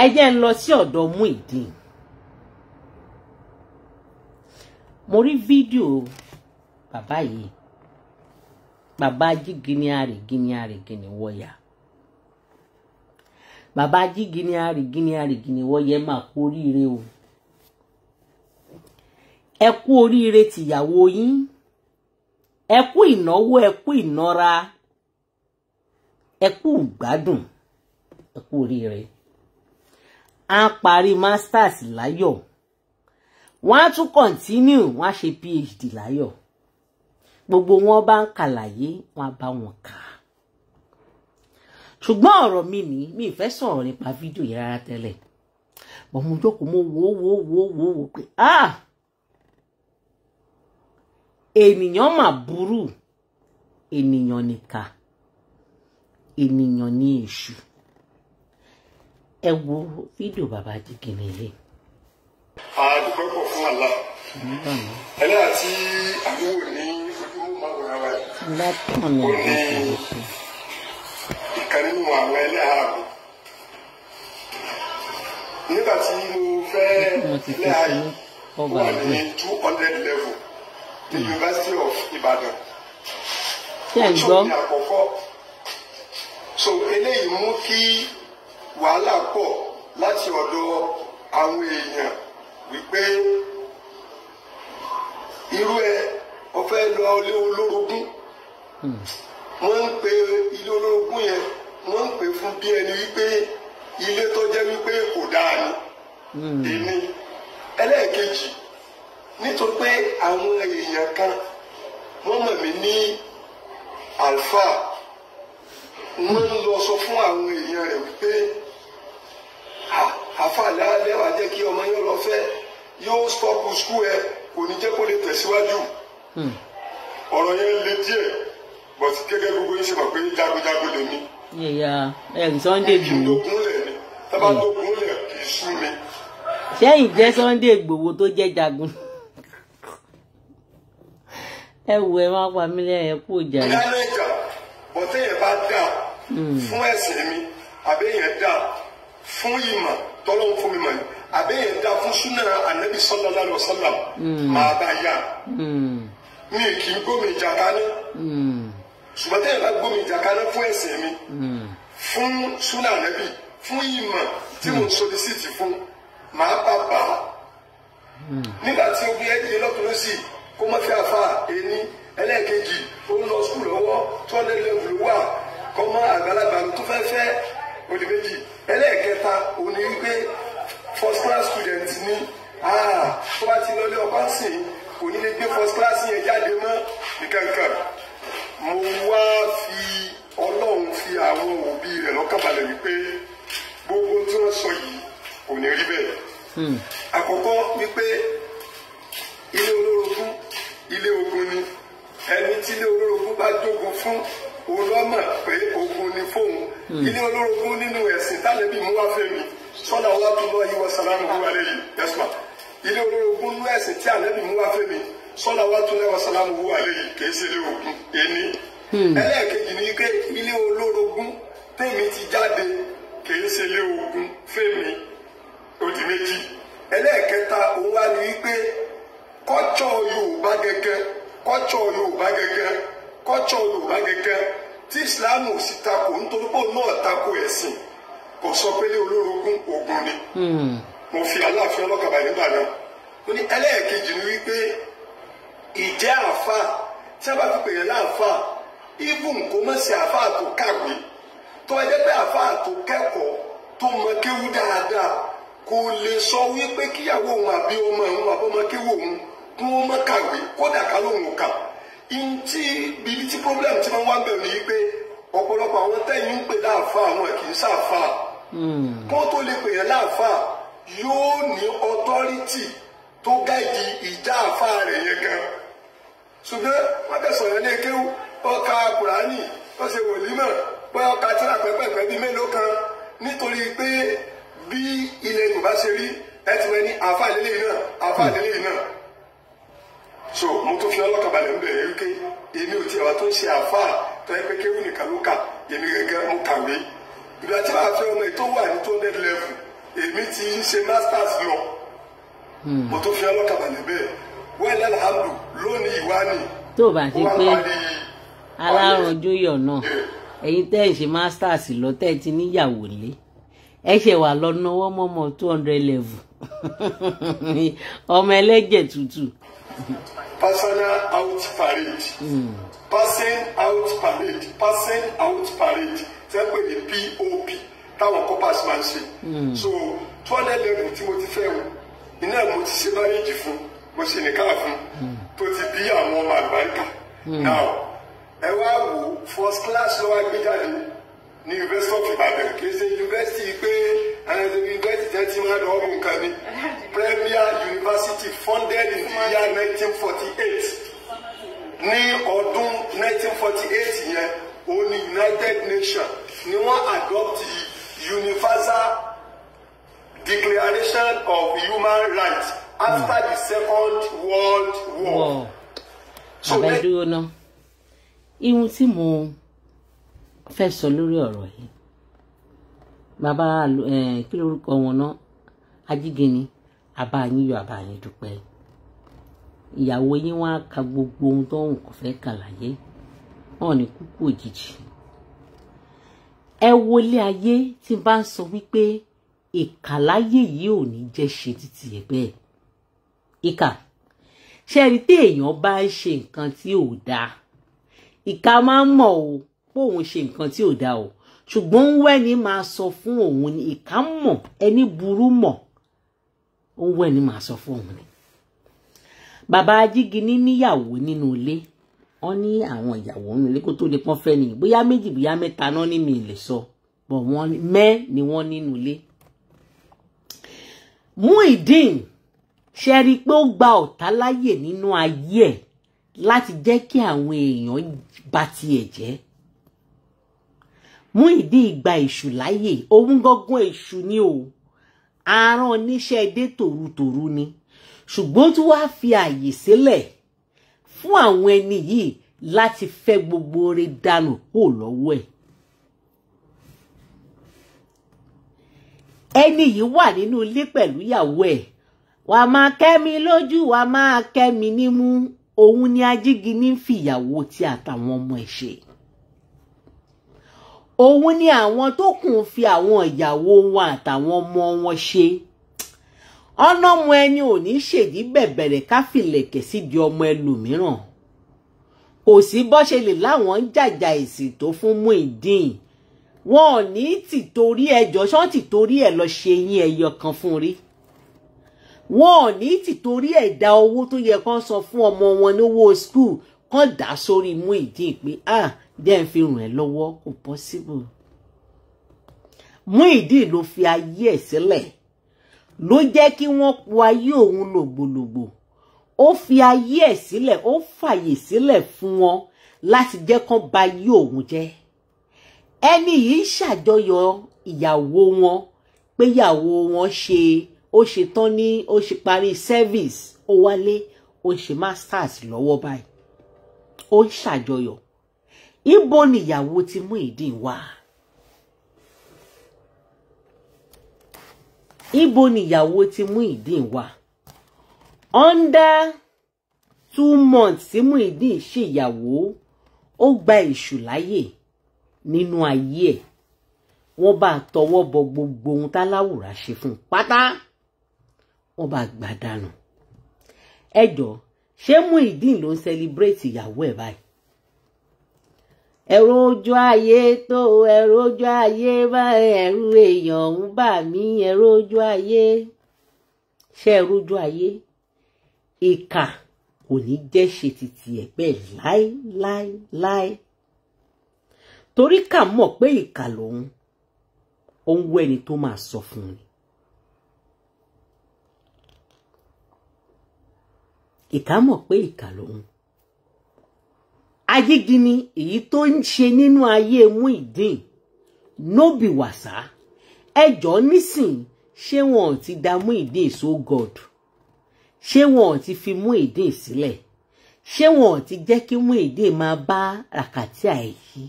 ẹ jẹ́ ń lọ sí ọ̀dọ̀ Muyideen mo rí fídíò bàbá yìí bàbá jígini àrègini àrègini wọ̀yà bàbá jígini àrègini àrègini wọ̀yà ẹ máa kú oríire o ẹ kú oríire tìyàwó yín ẹ kú ìnáwó ẹ kú ìnara ẹ kú ìgbádùn ẹ á parí masters láyọ̀ wọ́n á tún continue wọ́n á ṣe phd láyọ̀ gbogbo wọn bá ń kàlàyé wọ́n á bá wọn kà á ṣùgbọ́n ọ̀rọ̀ mi ni mi fẹ́ sọ̀rọ̀ nípa fídíò yìí rárá tẹ́lẹ̀ ọmọ ìjókòó mo wò ó wò ó wò ó pé ah ènìyàn mà burú ènìyàn nìkà ènìyàn ní èṣù. E ẹ wo fídíò bàbá jìgìnnì yìí. àdúgbò pọ̀ fún àlá ẹlẹ́ àti àdúgbò ní ojúmọ́ máa wọ̀ra wa yìí ó ní ìkan nínú àwọn ẹlẹ́ ààbò nígbà tí mo fẹ́ ẹlẹ́ ààyè wà ní two hundred level ní hmm. University of Ibadan ó tún ní àkọ́kọ́ so eléyìí mú kí wàhálà pọ̀ láti ọ̀dọ̀ àwọn èèyàn wípé irú ẹ ọfẹ lọ ilé olórogún hmm. wọ́n ń pe ilé olórogún yẹn wọ́n ń pè fún bí ẹni wípé ilé tó jẹ́ wípé kò dáa ni hmm. èmi ẹlẹ́ẹ̀kejì nítorí pé àwọn èèyàn kan wọ́n mọ̀ mí ní àlùfáà wọ́n ń lọ sọ fún àwọn èèyàn rẹ̀ wípé àfàlẹ́ alẹ́ wàá jẹ́ kí ọmọ yóò lọ fẹ́ yóò stọ́pù skul ẹ kò ní jẹ́ kó lè tẹ̀síwájú hmm. ọ̀rọ̀ yẹn le díẹ̀ bọ̀tí gẹ́gẹ́ gbogbo yín ṣe mọ̀ pé jagunjagun lè mí. ẹ̀rì Sunday Igboho. ìdògúnlẹ̀ ni tábà dògúnlẹ̀ hmm. kì í sú mi. sẹ́yìn jẹ́ Sunday Igboho tó jẹ́ jagun. ẹ wo ẹ máa pa mí lẹ́yìn ẹ kú ìjà yìí. ìdánilẹ́jà bọ̀tẹ́yẹ bá dà hmm. fún ẹ̀sìn mi àbẹ́yẹ dà fún ìmọ̀ tọ́lọ́wọ́ fún mi mọ̀ yìí àbẹ́yẹ dá fún súnà ànábì sallallahu alaihi wasallam máa bá yá hmm. mi kì í gómi ìjà kaná hmm. ṣùgbọ́n tẹ́yìn bá gómi ìjà kaná fún ẹ̀sìn mi hmm. fún súnà ànábì fún ìmọ̀ tí mo sọdí sí ti fún máa bá bá a nígbà tí o bí ẹ́ di lọ́kùnrin sí kó má fi àfa ẹni ẹlẹ́ẹ̀kejì ó ń lọ skul lọ́wọ́ two hundred level wà kọ́ mọ́ àgbàlagbà tó fẹ́ fẹ́ olùméjì ẹlẹ́ẹ̀kẹta òun ni wípé first class student ni ah, tó bá ti lọlé ọba sìn kò ní lè gbé first class yẹn jáde mọ́ nìkankan mo wá fi ọlọ́run fi àwọn òbí rẹ̀ lọ́kànbalẹ̀ wípé gbogbo tí wọ́n sọ yìí kò ní rí bẹ́ẹ̀. Hmm. àkọ́kọ́ wípé ilé olórogún ilé ogun ni ẹni tí ilé olórogún bá jogun fún òun lọ mọ̀ pé ogun ni fóun hmm. ilé olórogún nínú ẹ̀sìn tálẹ́bí mú wá fẹ́ mi sọ́dà wà tó lọ yíwọ sàlámù wà lẹ́yìn yẹ́sùmá ilé olórogún nínú ẹ̀sìn tí mú wá fẹ́ mi sọ́dà tó sàlámù lẹ́yìn kìí ṣe ilé ogun ẹni. Hmm. ẹlẹ́ẹ̀kejì ilé olórogún ti jáde kìí ṣe ilé ogun fẹ́mi odi méjì ẹlẹ́ẹ̀kẹta òun wá ní wípé kọ́tsọ̀ kọ́tsọ̀ yorùbá gẹ́gẹ́ tí islam ò sì takò nítorí pé òun náà takò ẹ̀sìn kò sọ pé lé olórogún ogun ni hmm. mo fi aláàfin ọlọ́kàbà nígbà náà ó ní ẹlẹ́ẹ̀kejì ni wípé ìjẹ́ àfa tí a bá fi pè yẹn láàfa even kò mọ̀ sí àfa tó kàwé tó bá jẹ́ pé àfa tó kẹ́kọ̀ọ́ tó mọ kéwú dáadáa kò lè sọ wípé kíyàwó òun àbí ọmọ òun àbọ̀mọ kéwú òun kún ó mọ̀ kàwé kódà ká lóun kà ntí bíi tí problem tí wọ́n wá bẹ̀rù yìí pé ọ̀pọ̀lọpọ̀ àwọn tẹ́yìn ń pè láàfà àwọn kì í ṣàfà hmm. kó tó lè pè yẹn láàfà yóò ní authority tó gáìdì ìjà àfà rẹ̀ yẹn gan ṣùgbọ́n wọ́n kẹsàn án lé kéwù ọkà kùránì wọ́n ṣe wòlímọ̀ bóyá ọkà tíra pẹ́pẹ́pẹ́ bíi mélòó kan nítorí pé bí ilẹ̀ yorùbá ṣe rí ẹ ti wẹ́ ní àfà lélẹ́yìn náà àfà hmm. lélẹ́yìn náà so mo tó fi ọlọ́kànbalẹ̀ ń bẹ̀rẹ̀ wípé èmi ò tiẹ̀ wá tó ń ṣe àfáà tó yẹ pé kéwù nìkan ló kà èmi gẹ́gẹ́ mo kàwé ìgbà tí wàá fẹ́ ọmọ ètò wà ní two hundred level èmi ti ń ṣe masters lọ hmm. mo tó fi ọlọ́kànbalẹ̀ bẹ́ẹ̀ wẹ́lẹ̀ alhamdu lónìí ìwá ni tó bá ṣe pé alárùn jóyọ̀ náà eh. ẹ̀yin tẹ́ ẹ̀ ṣe masters lọ tẹ́ ẹ ti níyàwó lé ẹ ṣe wà lọ náwó mọ́mọ́ two hundred level ọmọ ẹlẹ́jẹ̀ tútù personal out parade hmm. Person out parade Person out parade tẹ́ pé ní pop táwọn corpers máa ń ṣe hmm. so two hundred level tí mo ti fẹ́ wọn iná mo ti ṣe marriage fún mo ṣe nìkan fún hmm. tó ti bí àwọn ọmọ àlùbáríkà now ẹ wá wò first class ló wá gbé ní university of Ibadan kì í ṣe university pé àwọn ẹni tó university jẹ́ tí wọ́n á lọ́wọ́ mú nǹkan mi yá 1948 ní ọdún 1948 yẹn òun ni United Nations ni wọ́n adopt universal declaration of human rights after mm. the second world war. Wow. so abẹ́dúró náà ihun tí mo fẹ́ sọ lórí ọ̀rọ̀ yìí bàbá eh, kí lórúkọ wọn náà ajígẹni àbá yín yọ àbá yín dúpẹ́ yìí ìyàwó yín wá ka gbogbo ohun tó ń kò fẹ́ kà láyé wọn ní kúkú òjijì ẹ wọlé ayé tí bá ń sọ wípé ìkàláyé yìí ò ní jẹ́ ṣe títí ẹ bẹ́ẹ̀ ìkà ṣẹ́ni tí èèyàn bá ń ṣe nǹkan tí ò dáa ìkà máa ń mọ̀ o póun ṣe nǹkan tí ò dáa o ṣùgbọ́n wẹ́ni máa sọ fún òun ni ìkà mọ̀ ẹni burú mọ̀ ó wẹ́ni máa sọ fún òun ni bàbá ajíginí níyàwó nínú ilé wọn ní àwọn ìyàwó nínú ilé kó tó ní pọ́n fẹ́ nìyí bóyá méjì bóyá mẹ́ta náà ní mi lè sọ bọ̀ wọ́n mẹ́ ni wọ́n nínú ilé. Muyideen ṣe rí i pé ó gba ọ̀tá láyè nínú ayé ẹ̀ láti jẹ́ kí àwọn èèyàn bà tiẹ̀ jẹ́. Muyideen gba èṣù láyè òun gángan èṣù ni o àárọ̀ oníṣẹ́ edé tòrutòru ni. Toru, ṣùgbọ́n tún wáá fi ààyè sílẹ̀ fún àwọn ẹni yìí láti fẹ́ gbogbo oore dànù kó lọ́wọ́ ẹ̀. ẹni yìí wà nínú ilé pẹ̀lú ìyàwó ẹ̀ wà á máa kẹ́ mi lójú wà á máa kẹ́ nímú òun ni ajígi ní fìyàwó tí àtàwọn ọmọ ẹ̀ ṣe òun ni àwọn tó kùn fi àwọn ìyàwó wọn àtàwọn ọmọ wọn ṣe ọlọ́mọ ẹni ò ní ṣèdí bẹ̀bẹ̀rẹ̀ ká fìlẹ̀kẹ̀ sídìí ọmọ ẹlòmíràn kò sí bó ṣe lè láwọn ń jàjà èsì tó fún Muyideen wọn ò ní tìtorí ẹjọ́ ṣán tìtorí ẹ̀ lọ ṣe yín ẹyọ kan fún rí wọn ò ní tìtorí ẹ̀dá owó tó yẹ kán san fún ọmọ wọn lówó skul kán dà sórí Muyideen pé ah dẹ́n fi ràn ẹ́ lọ́wọ́ kò possible Muyideen ló fi ayé ẹ̀ sílẹ̀. Si ló jẹ́ kí wọ́n po ayé òun lògbòlògbò ó fi ayé ẹ̀ sílẹ̀ ó fàyè sílẹ̀ fún wọn láti jẹ́ kán ba ayé òun jẹ́ ẹni yìí ṣàjọyọ̀ ìyàwó wọn pé ìyàwó wọn ṣe ó ṣe tán ní ó ṣe parí service ó wálé ó ń ṣe masters lọ́wọ́ báyìí ó ń ṣàjọyọ̀ ibo nìyàwó ti mú ìdí wá. ibo níyàwó ti mu idin wa under two months tí Muyideen ṣèyàwó ó gba èṣù láyè nínú ayé ẹ̀ wọ́n bá tọwọ́ bọ gbogbo ohun táláwùrà ṣe fún pátá wọ́n bá gbà dànù ẹjọ́ ṣé Muyideen ló ń celebrate ìyàwó e báyìí ẹ̀rù ojú ayé tó ẹ̀rù ojú ayé bá ẹ̀rù èèyàn ń bà mí ẹ̀rù ojú ayé ṣé ẹ̀rù ojú ayé ìkà kò ní jẹ́ ṣe títì ẹ̀ bẹ́ẹ̀ láéláéláé torí kà mọ̀ pé ìkà lòun ó ń wọ ẹni tó máa sọ fún un ìkà mọ̀ pé ìkà lòun ayígi ni èyí tó ń ṣe nínú ayé Muyideen nóbì wàsá ẹjọ́ nísìn ṣé wọn ò ti da Muyideen so god ṣé wọn ti fi Muyideen sílẹ̀ ṣé wọn ti jẹ́ kí Muyideen máa bá ràkàtì àìyí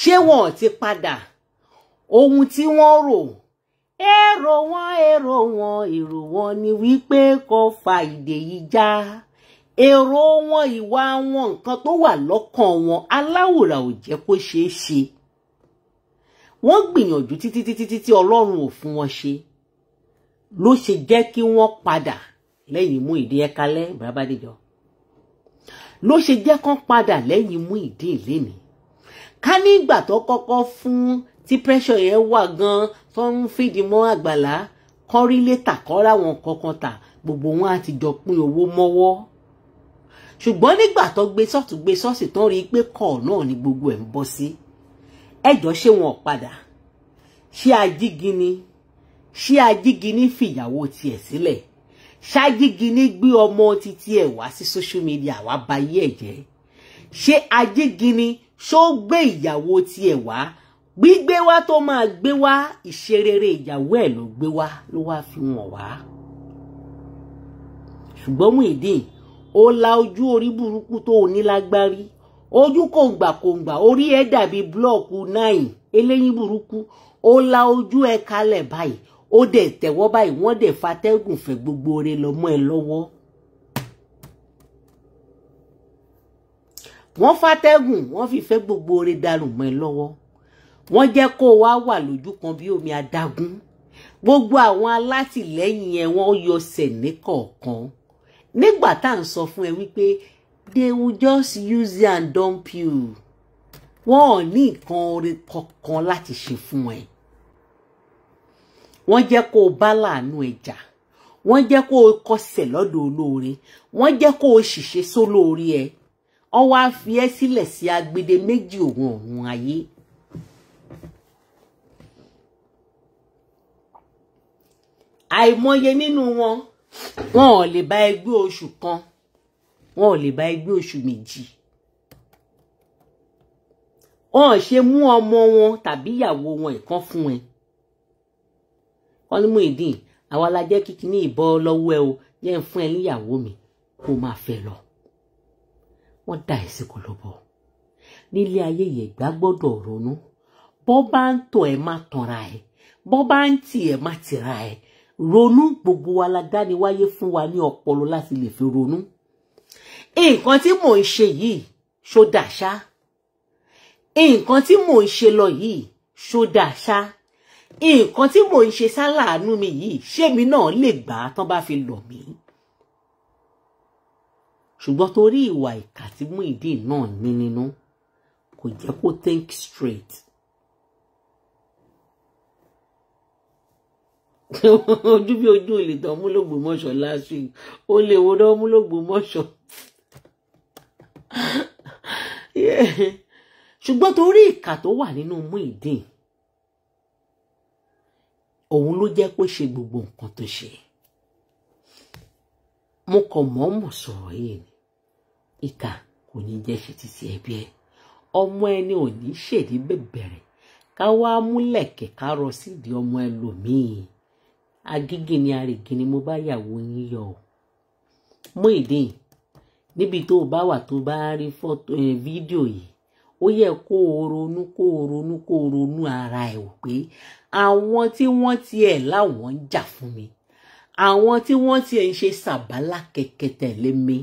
ṣé wọn ti padà ohun tí wọ́n rò èrò wọn èrò wọn èrò wọn ni wípé kó fa ìdè yìí já èrò wọn ìwà wọn nǹkan tó wà lọ́kàn wọn aláwòrán ò jẹ́ kó ṣeé ṣe wọ́n gbìyànjú títí títí títí ọlọ́run ò fún wọn ṣe ló ṣe jẹ́ kí wọ́n padà lẹ́yìn mú ìdí ẹ̀ka lẹ́ bàbá dìjọ ló ṣe jẹ́ kán padà lẹ́yìn mú ìdí ìlénìí ká nígbà tó kọ́kọ́ fún tí pressure yẹn wà gan tó ń fìdí mọ́ àgbàlá kọ́rí létà kọ́ra wọn kọ̀ọ̀kan tà gbogbo wọn á ti jọ pín owó mọ́wọ́ ṣùgbọ́n nígbà tó gbé sọ́ọ̀tún gbé sọ́ọ̀sì tó rí i pé kọ̀ náà ni gbogbo ẹ̀ ń bọ́ sí ẹjọ́ ṣé wọn padà ṣé ajígini ṣé ajígini fìyàwó tiẹ̀ sílẹ̀ ṣé ajígini gbé ọmọ títí ẹ̀ wá sí social media wá ba ayé ẹ̀ jẹ́ ṣé ajígini ṣó gbé ìyàwó tiẹ̀ wá gbígbé wá tó máa gbé wá ìṣerere ìyàwó ẹ̀ ló gbé wá ló wá fi wọ̀n wá ṣùgbọ́n Muyideen ó la ojú orí burúkú tó o ní lágbárí ojú kòǹgbàkòǹgbà orí ẹ dàbí búlọ́ọ̀kù náìn eléyín burúkú ó la ojú ẹ kalẹ̀ báyìí ó dẹ̀ tẹ̀wọ́ báyìí wọ́n dẹ̀ fatẹ́gùn fẹ́ gbogbo rẹ lọ́mọ ẹ lọ́wọ́. wọ́n fatẹ́gùn wọ́n fi fẹ́ gbogbo rẹ dànù mọ́ ẹ lọ́wọ́ wọ́n jẹ́ kó o wá wà lójú kan bí omi adágún gbogbo àwọn alátìlẹ́yìn ẹ wọ́n yọ sẹ̀ ní kọ̀ọ̀kan nígbà tá à ń sọ fún ẹ wípé they will just use you and dump you wọn ò ní nǹkan oore kankan láti ṣe fún ẹ wọ́n jẹ́ kó o bá láàánú ẹjà wọ́n jẹ́ kó o kọsẹ̀ lọ́dọ̀ olóore wọ́n jẹ́ kó o ṣìṣe sólóore ẹ ọwọ́ á fi ẹ́ sí agbede méjì òun ọ̀run ayé. àìmọye nínú wọn wọn ò lè bá ẹgbẹ́ oṣù kan wọn ò lè bá ẹgbẹ́ oṣù méjì wọn ò ṣe mú ọmọ wọn tàbí ìyàwó wọn ìkan fún ẹ wọn ní Muyideen àwa la jẹ́ kíkí ní ìbọn lọ́wọ́ ẹ o jẹ́ ń fún ẹ níyàwó mi kó máa fẹ́ lọ wọ́n dá ẹ sí kọlọbọ nílé ayé yẹn gbá gbọ́dọ̀ ronú bọ́ bá ń tọ̀ ẹ má tanra ẹ bọ́ bá ń tì ẹ má tìra ẹ ronú gbogbo wa la dáni wáyé fún wa ní ọpọlọ láti lè fi ronú nǹkan tí mò ń ṣe yìí ṣó dàṣá nǹkan tí mò ń ṣe lọ yìí ṣó dàṣá nǹkan tí mò ń ṣe sáláàánú mi yìí ṣémi náà lè gbà á tán bá fi lọ mí ṣùgbọ́n torí ìwà ìkà tí Muyideen náà ní nínú kò jẹ́ kó think straight ojú bí ojú olè tán múlògbò mọ́ṣọ́ last week ó lè wo náà múlògbò mọ́ṣọ́ ṣùgbọ́n torí ìkà tó wà nínú Muyideen òun ló jẹ́ kó ṣe gbogbo nǹkan tó ṣe mo kàn mọ̀ọ́mọ̀ sọ̀rọ̀ yìí ni ìkà kò ní jẹ́ ṣe títí ẹbí ẹ ọmọ ẹni ò ní ṣèdí bẹ̀bẹ̀rẹ̀ ká wá múlẹ̀kẹ̀ ká rọ sídìí ọmọ ẹlòmíì agége ni àrègè ni mo bá yàwó yín yọ ọ Muyideen níbi tó o bá wà tó bá rí fọ́tò eh, fídíò yìí ó yẹ kó o ronú kó o ronú kó o ronú ara ẹ wò pé àwọn tí wọ́n tiẹ̀ láwọn ń jà fún mi àwọn tí wọ́n tiẹ̀ ń ṣe sàbálà kẹ̀kẹ́ tẹ̀lé mi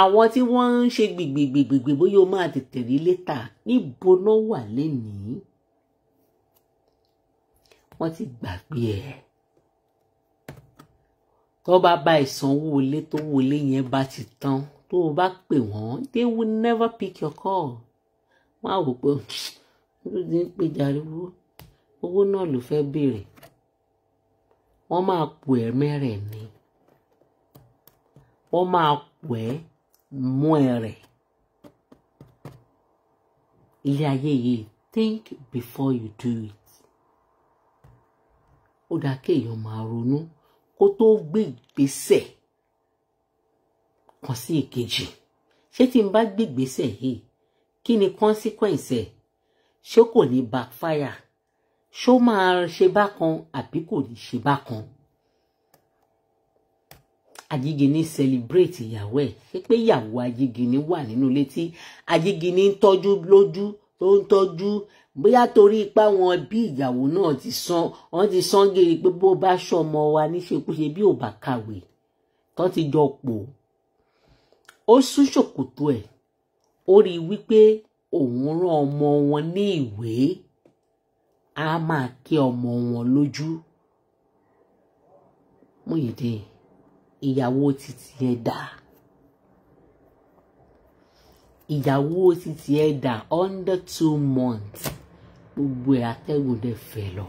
àwọn tí wọ́n ń ṣe gbìgbìgbìgbì bóyá o máa tètè rí létà níbo náà wà lénìí wọ́n ti gbàgbé ẹ̀ tó bá bá ìsanwó ilé tó wọlé yẹn bá ti tán tó o bá pè wọ́n they will never pick your call wọ́n á wò pé ló ti ń pè jariwo owó náà ló fẹ́ béèrè wọ́n máa pò ẹ́ mẹ́rẹ̀ ni wọ́n máa pò ẹ́ mú ẹ rẹ̀ ilé ayé yìí think before you do it ó dáa kéèyàn máa ronú. No? kó tó gbé ìgbésẹ̀ kan sí ìkejì ṣé tí n bá gbé ìgbésẹ̀ yìí kí ni consequence ẹ̀ ṣé kò ní backfire ṣó máa ṣe bákan àbí kò ní ṣe bákan. Ajígini celebrate ìyàwó ẹ̀ ṣé pé ìyàwó Ajígini wà nínú ilé tí Ajígini ń tọ́jú lójú tó ń tọ́jú bóyá torí ipá wọn bí ìyàwó náà ti san wọn ti san gèrè pé bó bá ṣọmọ wa níṣekúṣe bí ò bá kàwé tó ti jọ pò ó sún ṣòkòtò ẹ̀ ó rí i wípé òun rán ọmọ wọn ní ìwé á máa ké ọmọ wọn lójú Muyideen ìyàwó títí ẹ dà ìyàwó títí ẹ dà under two months gbogbo ẹ̀ atẹ́gùn dẹ̀ fẹ́ lọ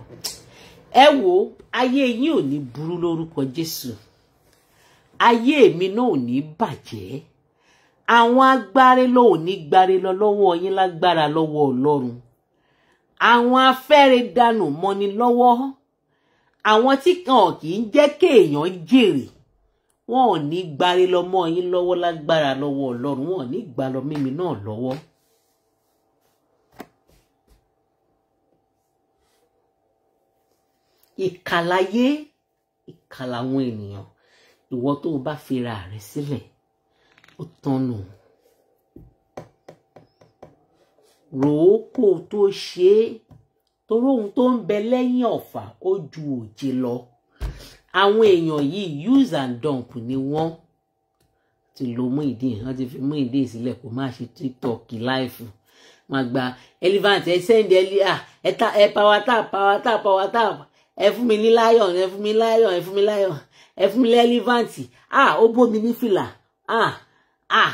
ẹ wo ayé yín ò ní burú lórúkọ Jésù ayé mi náà ò ní bàjẹ́ àwọn agbáre lọ ò ní gbáre lọ lọ́wọ́ yín lágbára lọ́wọ́ Ọlọ́run àwọn afẹ́re dànù mọ́ni lọ́wọ́ àwọn tí kan kì í jẹ́ kéèyàn jèrè wọn ò ní gbáre lọ mọ́ yín lọ́wọ́ lágbára lọ́wọ́ Ọlọ́run wọn ò ní gbà lọ mímí náà lọ́wọ́. ìkàláyé ìkàlà àwọn ènìyàn ìwọ tó o bá fira rẹ sílẹ̀ ó tọ́nu rò ó kó o tó ṣe é torí ohun tó ń bẹ lẹ́yìn ọ̀fà ó ju òjé lọ àwọn èèyàn yìí use and dump ni wọ́n ti lo Muyideen wọ́n ti fi Muyideen sílẹ̀ kó má ṣe tiktok láìfù máa gba elephant ẹ sẹ́ndì ẹ power tap power tap power tap ẹ fún mi ní lion ẹ fún mi lion ẹ fún mi lion ẹ ah ó bómi ní fìlà ah ah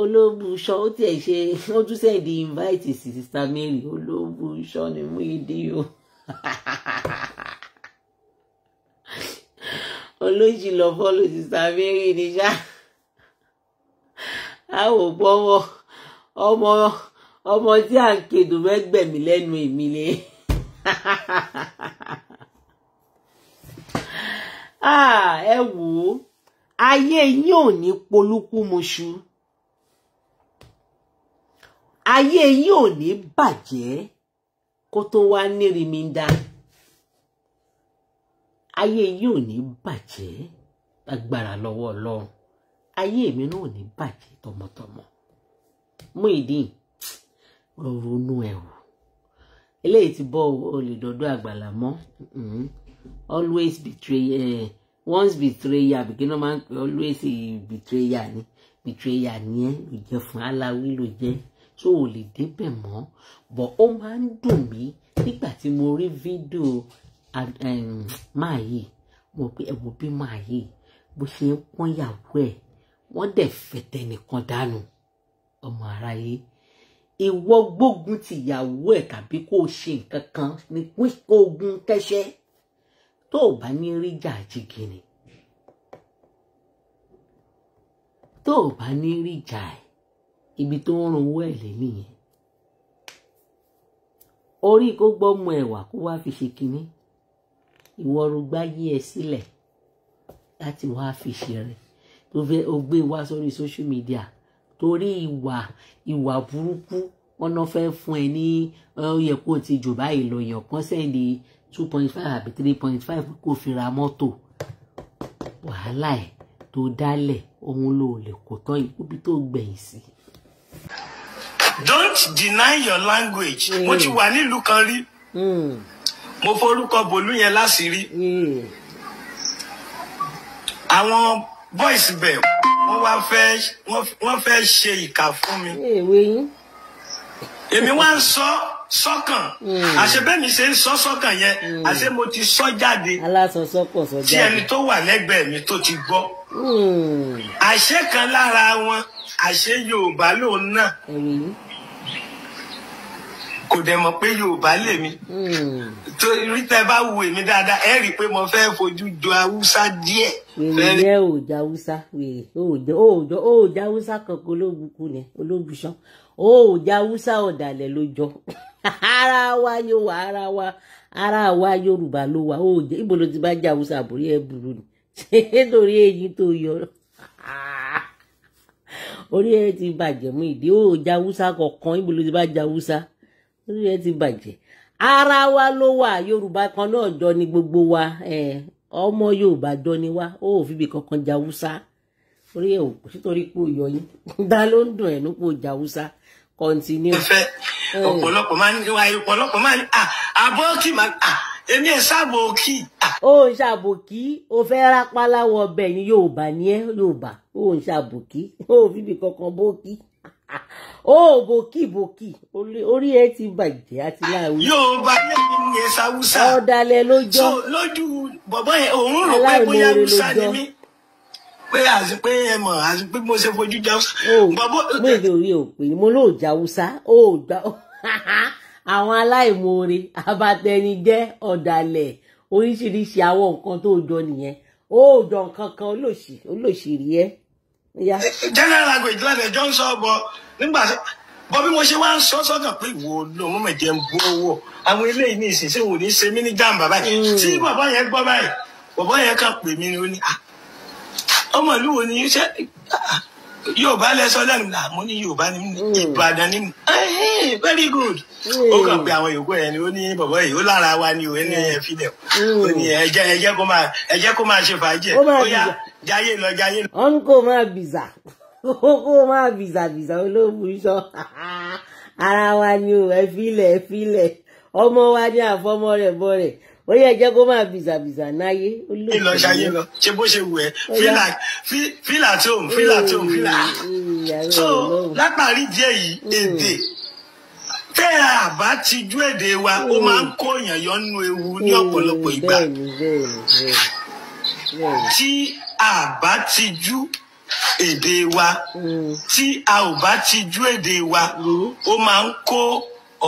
olóbùṣọ ó tiẹ̀ ṣe ó tún sẹ́ẹ̀dì invite sí sista Mary olóbùṣọ ni mú ìdí o olójì lọ fọ́lù sista Mary ní ṣá a ò gbọ́wọ́ ọmọ ọmọ tí à ń kedùn mẹ́gbẹ̀mí lẹ́nu èmi lé. Ah, ẹ wò ó ayé yín ò ní polúkú muṣu ayé yín ò ní bàjẹ́ kó tó wá nírìmíńdá ayé yín ò ní bàjẹ́ agbára lọ́wọ́ ọlọ́run ayé mi náà ò ní bàjẹ́ tọmọtọmọ mú ìdí ronú ẹ o eléyìí ti bọ́ olè àgbàlá mọ́ always eh, betrayer uh, once betray ya náà no man pè always betrayer ni betrayer ni ẹ ló jẹ fún aláwí ló so. tó ò lè débẹ̀ mọ́ bọ̀ ó máa ń dùn mí nígbà tí mo rí fídíò um, um, máa yìí mo pé ẹ wo bí máa yìí bó ṣe ń pọ́n yàwó ẹ̀ wọ́n dẹ̀ fẹ̀tẹ̀ nìkan dànù ọmọ aráyé ìwọ gbógun tìyàwó ẹ̀ tàbí kó o ṣe nǹkan kan ní pín ogun kẹ́ṣẹ́ tó o bá ní rí jà jìgìrì tó o bá ní rí jà ibi tó ń ran owó ẹ̀ lé nìyẹn orí kó gbọ́ mu ẹ̀wà kó wá fi ṣe kínní ìwọ́rùgbá yí ẹ sílẹ̀ láti wá fi ṣe rẹ̀ tó fẹ́ o gbé wá sórí social media torí ìwà ìwà burúkú wọn náà fẹ́ fún ẹ ní ó yẹ kó o ti jù báyìí lọ yàn kán sẹ́ndì two point five àbí three point five kó fi ra mọ́tò wàhálà ẹ̀ tó dálẹ̀ òun ló lè kó tán ìkúbi tó gbẹ̀yìn sí. don't deny your language mo ti wà nílùú kan rí mo forúkọ bòlú yẹn láṣìírí àwọn boys bẹ̀ wọ́n wá fẹ́ wọ́n fẹ́ ṣe ìkà fún mi èmi wá ń sọ sọ́kàn hmm. àṣẹ bẹ́ẹ̀ mi ṣe ń sọ sọ́kàn yẹn hmm. àṣẹ mo ti sọ jáde tí ẹni tó wà lẹ́gbẹ̀ẹ́ mi tó ti gbọ́ hmm. àṣẹ kan lára wọn àṣẹ Yorùbá lòun náà kò dẹ̀ mọ̀ pé Yorùbá mi torí tẹ́ bá wo èmi dáadáa ẹ rí i pé mo fẹ́ fojú jọ Haúsá díẹ̀. wèrè yẹ òòjà Haúsá wèrè òòjọ òòjà Haúsá kankan ológun kù ni ológun sàn òòjà Haúsá ọ̀dàlẹ̀ ló ara wa yóò wá ara wa ara wa yorùbá ló wà ó jẹ ibo ló ti bá jẹ àwùsà àbúrí ẹ burú ni ṣé lórí èyí tó yọ orí ẹ ti bàjẹ́ mú ìdí ó jẹ àwùsà kọ̀ọ̀kan ibo ló ti bá jẹ àwùsà orí ẹ ti bàjẹ́ ara wa ló wà yorùbá kan náà jọ ni gbogbo wa ọmọ yorùbá jọ ni wa ó fìbí kankan jẹ àwùsà orí ẹ ò sítorí pé ó dá ló ń dùn ẹ̀ nípò jẹ àwùsà continue. Oh. ọ̀pọ̀lọpọ̀ máa ń wá ọ̀pọ̀lọpọ̀ máa ń àbọ̀kì máa èmi ẹ̀ ṣàbòkì. ó ń ṣàbòkì ó fẹ́ rápálá wọ ọbẹ̀ ní yorùbá ní ẹ yorùbá ó ń ṣàbòkì ó fíbi kankan bókì ó bòkì bòkì orí ẹ ti bàjẹ́ àti láàwí. yorùbá lẹ́yìn ni ẹ̀ ṣàwùsà. ọ̀dàlẹ̀ ló jọ. lójú bọ̀bọ́ yẹn òun rò pé bóyá wùsà ni mí pé àti pé ẹ mọ̀ àti pé mo ṣe fojú jáwúsá. mo èdè orí òpè mo lóò jáwúsá ó gbà àwọn aláìmoore abatẹnijẹ ọ̀dàlẹ̀ oríṣiríṣi àwọn nǹkan tó jọ nìyẹn ó jọ nǹkan kan olóṣì olóṣì rí ẹ. Eh, eh, general language lánàá jọ ń sọ ọbọ nígbà bọ bí mo ṣe wá ń sọ sọ́kàn pé ìwọ ló mọ mẹjẹ ń bú owó àwọn eléyìí ní ìsinsìnyí wò ní ṣe mí ní jàǹbá báyìí mm. tí bàbá yẹn gbọ́ báyìí bàbá yẹn kàn pè mí ni ó ní ah ọmọ ìlú wo ni ṣe yorùbá lẹsọ lẹnu là mo ní yorùbá ní hmm. ìbàdàn ní very good hmm. ó kàn pé àwọn yòókù yẹn ni ó ní bọ̀bọ̀ yìí ó lára wa ni òun ní ẹ fílẹ̀ hmm. ó ní ẹjẹ ẹjẹ kó máa ẹjẹ kó máa ṣe fàájì ẹ ó yá jayé lọ jayé lọ. ọ̀n kò máa bìzà kó máa bìzà bìzà olóògùn iṣọ́ ara wa ni ò ẹ fílẹ̀ ẹ fílẹ̀ ọmọ wa ni àfọmọ rẹ̀ bọ̀ rẹ̀ ó yẹ jẹ́ kó máa bìzàbìzà náyé. ìlọ ṣayé lọ ṣe bó ṣe wù ẹ́ fílà fílà tó ń fílà tó ń fílà so látàrí díẹ̀ yìí hmm. èdè tẹ́ àbá ti jú èdè wa ó máa ń hmm. kó èèyàn yọ nínú ewu ní hmm. ọ̀pọ̀lọpọ̀ ìgbà tí àbá ti jú èdè wa tí a ò bá ti jú èdè wa ó máa ń kó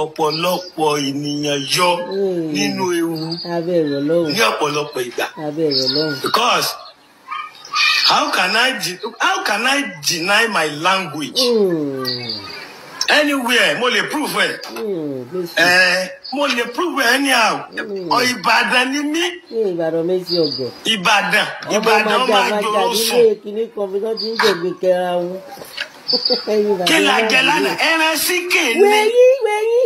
ọ̀pọ̀lọpọ̀ ènìyàn yọ hmm. nínú ewu ní ọ̀pọ̀lọpọ̀ ìgbà because how can I how can I deny my language mm. anywhere mo lè prove it. Hmm, ẹ mo lè prove it. ní àwọ Ìbàdàn ni mí. Ìbàdàn méjì ọgọ. Ìbàdàn Ìbàdàn máa jòrò sùn. ọmọ ọmọ àgbà àgbà nílé kìnnìkan fi lọ́ọ́ ti ń jẹ̀gbìn kẹra wọn kí la jẹ lánàá ẹran sí kéde. wẹ̀yí wẹ̀yí.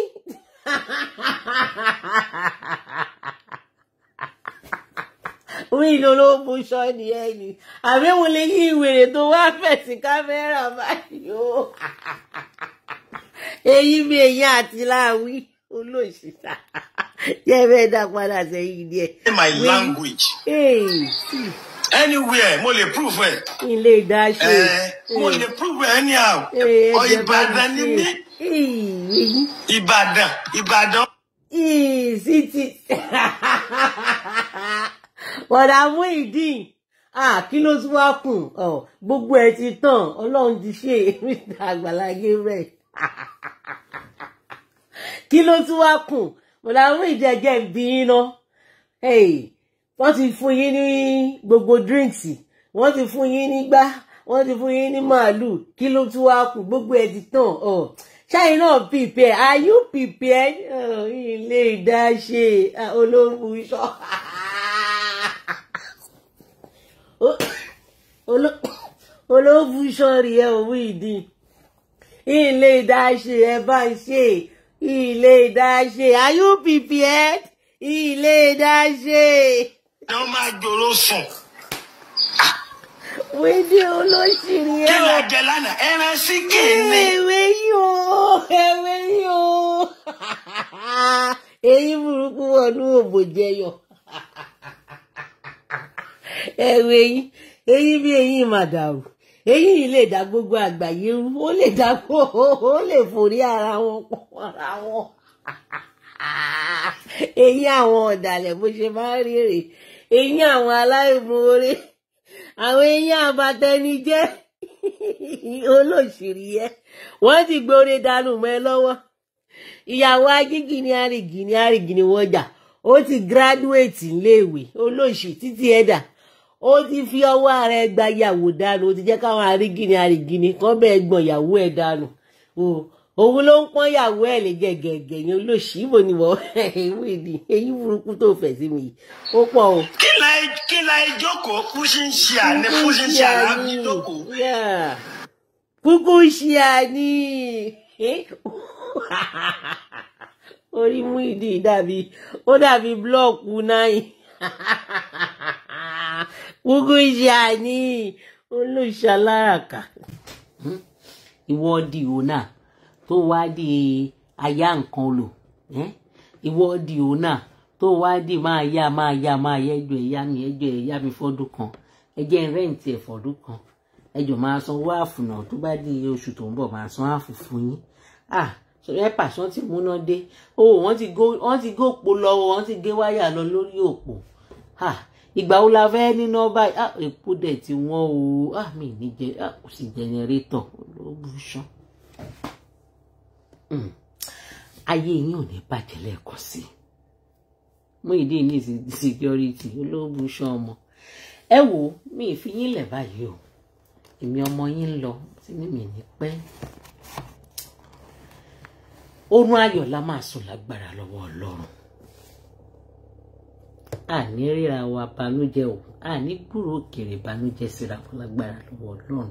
wíìlì olóògùn sọ nìyẹn ni àbẹ̀wò lè yí ìwèrè tó wá fẹ̀sì kámẹ́rà báyìí o èyí mi èyí àti láàwí olóòṣìṣà yẹ bẹ́ẹ̀ dá padà sẹ́yìn díẹ̀. my language. Hey anywhere mo le prove ẹ. ilé ìdáṣe. ẹ mo le prove ẹ ní àwọn. ọ ìbàdàn ni mí. ìbàdàn ìbàdàn. ìsìtì ọ̀dà mú ìdí kí ló tún wá kù gbogbo ẹ ti tàn ọlọ́run ti ṣe èmi Àgbàlá Gabriel kí ló tún wá kù ọ̀dà mú ìdí ẹ̀jẹ̀ bí iná wọ́n ti fún yín ní gbogbo drinks wọ́n ti fún yín nígbà wọ́n ti fún yín ní màálù kí ló tún wá kù gbogbo ẹ̀ ti tàn ọ́ ṣáyìn náà prepare are you prepared ilé ìdáṣe olóhùn iṣọ́ olóhùn iṣọ́ rí ẹ òun ìdí ilé ìdáṣe ẹ bá ń ṣe ilé ìdáṣe are you prepared ilé ìdáṣe ni wọ́n máa jòrò sùn. Ah, wíńdí olóṣèlú ẹ̀. kí ló jẹ lánàá ẹran sí kìíní. ẹ̀wẹ̀ yóò ẹ̀wẹ̀ yóò eyín burúkú wọnú òbò jẹyọ ẹ̀wẹ̀ eyín eyín bí eyín màdàrú eyín yìí lè dá gbogbo àgbáyé rú ó lè dá ó lè forí ara wọn pọ̀ ara wọn eyín àwọn ọ̀dàlẹ̀ bó ṣe máa ń rí rèé. eyín àwọn aláìmoore àwọn eyín jẹ olóṣèré yẹ wọn ti gbóore dànù mọ́ ẹ lọ́wọ́ ìyàwó agígì ni àrìgì ni àrìgì ní wọ́n jà ó ti nle níléèwé olóṣì títí ẹ̀dà ó ti fi ọwọ́ ara ẹ gba ìyàwó dànù ó ti jẹ́ káwọn àrìgì ní àrìgì ní kọ́ bẹ́ẹ̀ gbọ̀n ìyàwó ẹ̀ dànù òun ló ń pọ́n yàwó ẹ̀ lè jẹ gẹ̀gẹ̀ yẹn olóṣì ìbò ni wọ́n ẹ̀wù ìdí eyín burúkú tó fẹ̀ sí mi ó pọ̀ o. kí la kí la ìjókòó kú sí ń ṣe àní kú sí ń ṣe àlámì ìjókòó. kúkú ṣe àní orí mú ìdí dàbí ó dàbí blọọkù náà kúkú ṣe àní olóṣàláràkà ìwọ́dìí òun náà tó wá di aya nǹkan olò ìwọ di ònà tó wá di máa yá máa yá máa yá ẹjọ ẹyá mi ẹjọ ẹyá mi fọdún kan ẹjẹ rẹǹtì ẹ fọdún kan ẹjọ máa sanwó àfùnà tó bá di oṣù tó ń bọ̀ máa san àfù fún yín ah ẹpà sọ ti múná dé o wọ́n ti gó wọ́n ti gó òpó lọ́wọ́ wọ́n ti gé wáyà lọ lórí òpó ah ìgbà wo la fẹ́ níná báyìí ah èpo dẹ̀ tí wọ́n o ah mi ní jẹ ah kò sì jẹnẹrétọ̀ olóògùn sàn. Mm. ayé yín ò ní bàjẹ́ lẹ́ẹ̀kan sí mú ìdí ní security olóògùn iṣẹ́ ọmọ ẹ wo mi ì fi yín lẹ̀ báyìí o èmi ọmọ yín ń lọ tí mímì ní pẹ́ oorun ayọ̀ la máa sùn lágbára lọ́wọ́ ọlọ́run àní ríra wa banújẹ́ o àní gbúròó òkèrè banújẹ́ síra fún lágbára lọ́wọ́ ọlọ́run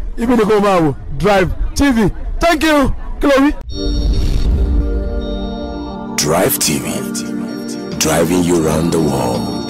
ibi ni kò máa wò Drive TV thank you Chloe. Drive TV, driving you round the world.